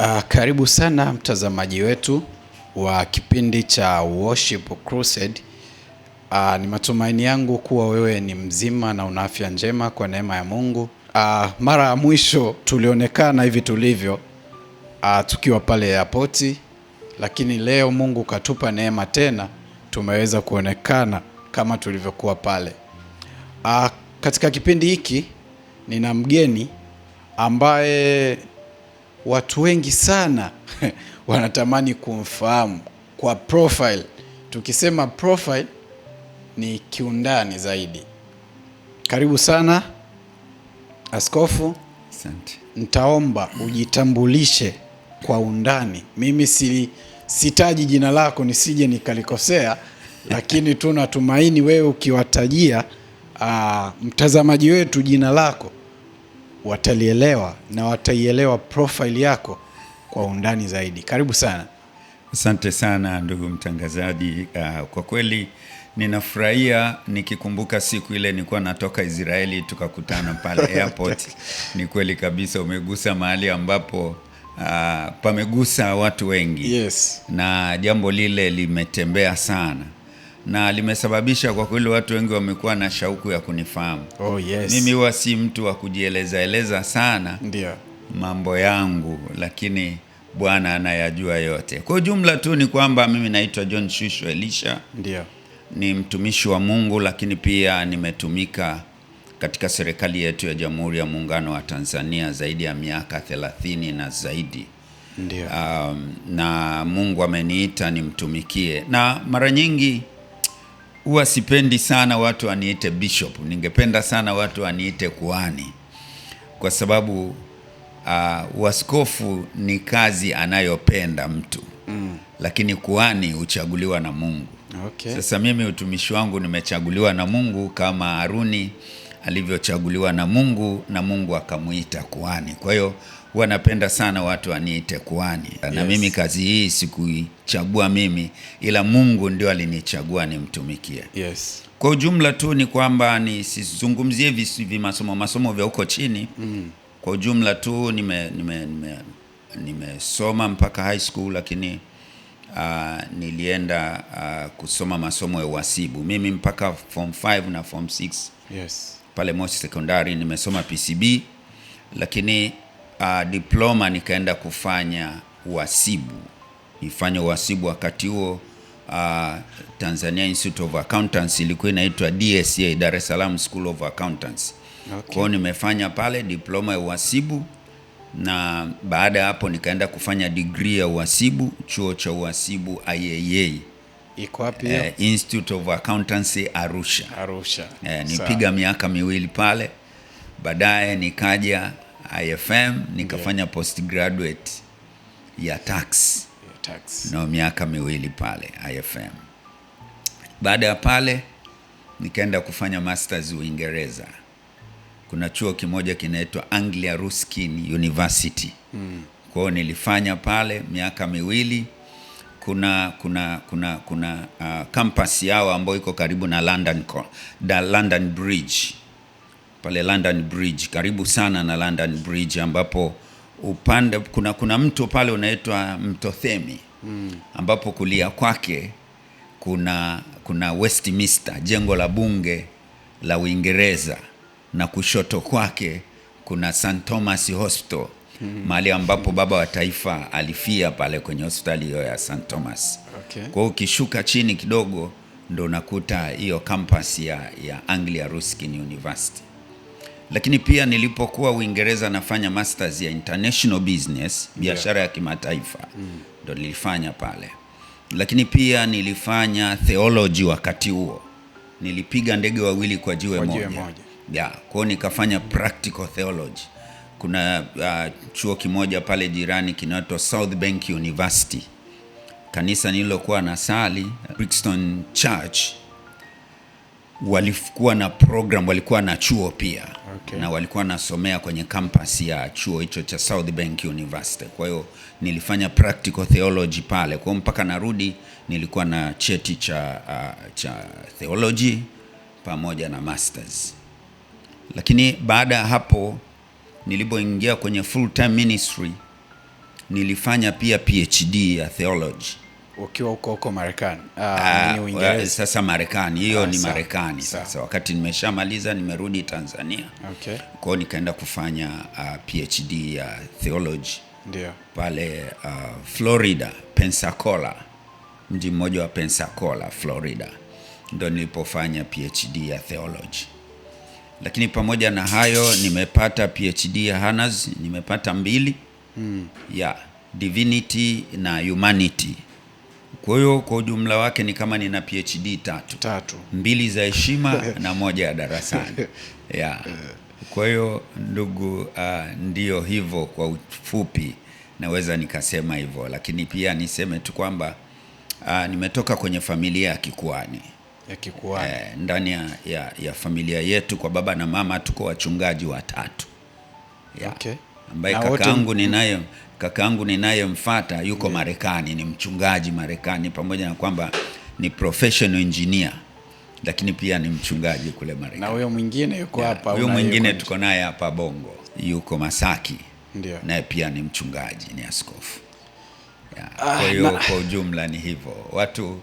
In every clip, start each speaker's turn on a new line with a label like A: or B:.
A: Uh, karibu sana mtazamaji wetu wa kipindi cha Worship Crusade. Uh, ni matumaini yangu kuwa wewe ni mzima na una afya njema kwa neema ya Mungu. Uh, mara ya mwisho tulionekana hivi tulivyo, uh, tukiwa pale airport, lakini leo Mungu katupa neema tena tumeweza kuonekana kama tulivyokuwa pale. Uh, katika kipindi hiki nina mgeni ambaye watu wengi sana wanatamani kumfahamu kwa profile. Tukisema profile ni kiundani zaidi. Karibu sana Askofu. Asante. Nitaomba ujitambulishe kwa undani. Mimi si, sitaji jina lako nisije nikalikosea, lakini tunatumaini wewe ukiwatajia mtazamaji wetu jina lako watalielewa na wataielewa profile yako kwa undani zaidi. Karibu sana.
B: Asante sana ndugu mtangazaji. Uh, kwa kweli ninafurahia nikikumbuka siku ile nilikuwa natoka Israeli tukakutana pale airport. Ni kweli kabisa umegusa mahali ambapo uh, pamegusa watu wengi. Yes. Na jambo lile limetembea sana na limesababisha kwa kweli watu wengi wamekuwa na shauku ya kunifahamu. Oh, yes. Mimi huwa si mtu wa kujieleza eleza sana Ndio. mambo yangu, lakini Bwana anayajua yote. Kwa ujumla tu ni kwamba mimi naitwa John Shusho Elisha. Ndio. Ni mtumishi wa Mungu, lakini pia nimetumika katika serikali yetu ya Jamhuri ya Muungano wa Tanzania zaidi ya miaka thelathini na zaidi. Ndio. Um, na Mungu ameniita nimtumikie na mara nyingi huwa sipendi sana watu waniite bishop, ningependa sana watu waniite kuhani, kwa sababu uh, ah, waskofu ni kazi anayopenda mtu mm. Lakini kuhani huchaguliwa na Mungu okay. Sasa mimi utumishi wangu nimechaguliwa na Mungu kama Haruni alivyochaguliwa na Mungu na Mungu akamuita kuhani. Kwa hiyo huwa napenda sana watu waniite kuhani yes. Na mimi kazi hii sikuichagua mimi, ila Mungu ndio alinichagua nimtumikie. Yes. Kwa ujumla tu ni kwamba nisizungumzie vimasomo masomo vya huko chini mm. Kwa ujumla tu nimesoma nime, nime, nime mpaka high school lakini Uh, nilienda uh, kusoma masomo ya uhasibu mimi mpaka form 5 na form 6. Yes pale Moshi Sekondari nimesoma PCB, lakini uh, diploma nikaenda kufanya uhasibu, nifanye uhasibu wakati huo Uh, Tanzania Institute of Accountants ilikuwa inaitwa DSA, Dar es Salaam School of Accountants. Okay. Kwao nimefanya pale diploma ya uhasibu na baada ya hapo nikaenda kufanya degree ya uhasibu chuo cha uhasibu IAA
A: iko wapi? Eh,
B: Institute of Accountancy Arusha, Arusha. Eh, nipiga miaka miwili pale, baadaye nikaja IFM nikafanya yeah. postgraduate ya tax, ya tax. No, miaka miwili pale IFM. Baada ya pale nikaenda kufanya masters Uingereza. Kuna chuo kimoja kinaitwa Anglia Ruskin University mm. Kwao nilifanya pale miaka miwili kuna kuna kuna kuna uh, campus yao ambayo iko karibu na London, da London Bridge pale London Bridge, karibu sana na London Bridge, ambapo upande kuna kuna mto pale unaitwa mto Themi mm. ambapo kulia kwake kuna kuna Westminster, jengo la bunge la Uingereza, na kushoto kwake kuna St Thomas Hospital -hmm. mahali ambapo baba wa taifa alifia pale kwenye hospitali hiyo ya St Thomas. Okay. Kwa hiyo ukishuka chini kidogo ndo unakuta hiyo campus ya, ya Anglia Ruskin University. Lakini pia nilipokuwa Uingereza nafanya masters ya international business, biashara yeah. ya kimataifa mm. ndo mm. nilifanya pale, lakini pia nilifanya theology wakati huo nilipiga ndege wawili kwa jiwe moja. Yeah, kwao nikafanya practical theology kuna uh, chuo kimoja pale jirani kinaitwa South Bank University. Kanisa nililokuwa na sali Brixton Church walikuwa na program, walikuwa na chuo pia okay. Na walikuwa nasomea kwenye campus ya chuo hicho cha South Bank University. Kwa hiyo nilifanya practical theology pale, kwa mpaka narudi nilikuwa na cheti cha, uh, cha theology pamoja na masters, lakini baada ya hapo nilipoingia kwenye full time ministry nilifanya pia PhD ya theology
A: ukiwa huko huko Marekani.
B: Uh, sasa Marekani hiyo ah, ni Marekani. Sasa wakati nimeshamaliza nimerudi Tanzania, okay. Kwao nikaenda kufanya uh, PhD ya theology ndio pale uh, Florida, Pensacola, mji mmoja wa Pensacola, Florida, ndo nilipofanya PhD ya theology lakini pamoja na hayo nimepata PhD ya honors, nimepata mbili mm. ya divinity na humanity. Kwa hiyo kwa ujumla wake ni kama nina PhD tatu, tatu. mbili za heshima na moja ya darasani ya Kwa hiyo ndugu, uh, ndio hivyo kwa ufupi naweza nikasema hivyo, lakini pia niseme tu kwamba uh, nimetoka kwenye familia ya Kikwani
A: ya kikuhani eh,
B: ndani ya, ya, ya familia yetu kwa baba na mama tuko wachungaji watatu ya. Okay. ambaye kakaangu ninayo kakaangu ninayemfata yuko yeah. Marekani, ni mchungaji Marekani, pamoja na kwamba ni professional engineer lakini pia ni mchungaji kule Marekani. Na
A: huyo mwingine yuko hapa,
B: huyo mwingine tuko naye hapa Bongo, yuko Masaki, naye pia ni mchungaji, ni askofu. Ah, kwa hiyo kwa ujumla ni hivyo, watu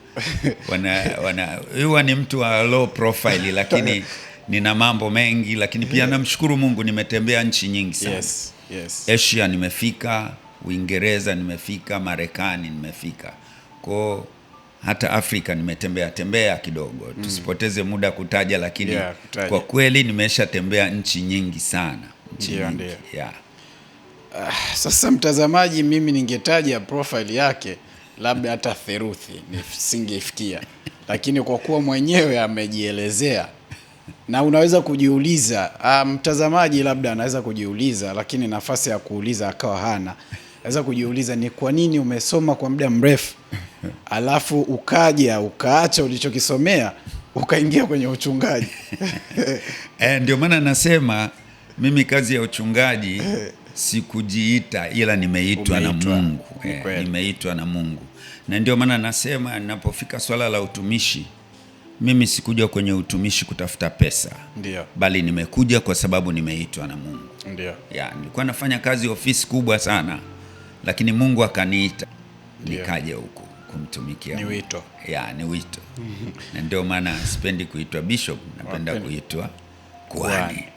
B: wana, wana huwa ni mtu wa low profile, lakini nina mambo mengi, lakini pia namshukuru Mungu nimetembea nchi nyingi sana. Yes, yes. Asia nimefika, Uingereza nimefika, Marekani nimefika, kwa hata Afrika nimetembea tembea kidogo mm. Tusipoteze muda kutaja, lakini yeah, kutaja. Kwa kweli nimeshatembea nchi nyingi sana nchi yeah, nyingi. Yeah.
A: Uh, sasa mtazamaji, mimi ningetaja profile yake labda hata theruthi nisingefikia lakini kwa kuwa mwenyewe amejielezea na unaweza kujiuliza uh, mtazamaji labda anaweza kujiuliza, lakini nafasi ya kuuliza akawa hana, anaweza kujiuliza ni kwa nini umesoma kwa muda mrefu alafu ukaja ukaacha ulichokisomea ukaingia kwenye uchungaji.
B: E, ndio maana nasema mimi kazi ya uchungaji eh sikujiita ila nimeitwa na Mungu eh, nimeitwa na Mungu, na ndio maana nasema ninapofika swala la utumishi, mimi sikuja kwenye utumishi kutafuta pesa Ndiyo. bali nimekuja kwa sababu nimeitwa na Mungu ndio. nilikuwa nafanya kazi ofisi kubwa sana, lakini Mungu akaniita nikaja huku kumtumikia. Ni wito ya, ni wito na ndio maana sipendi kuitwa bishop, napenda kuitwa kuani.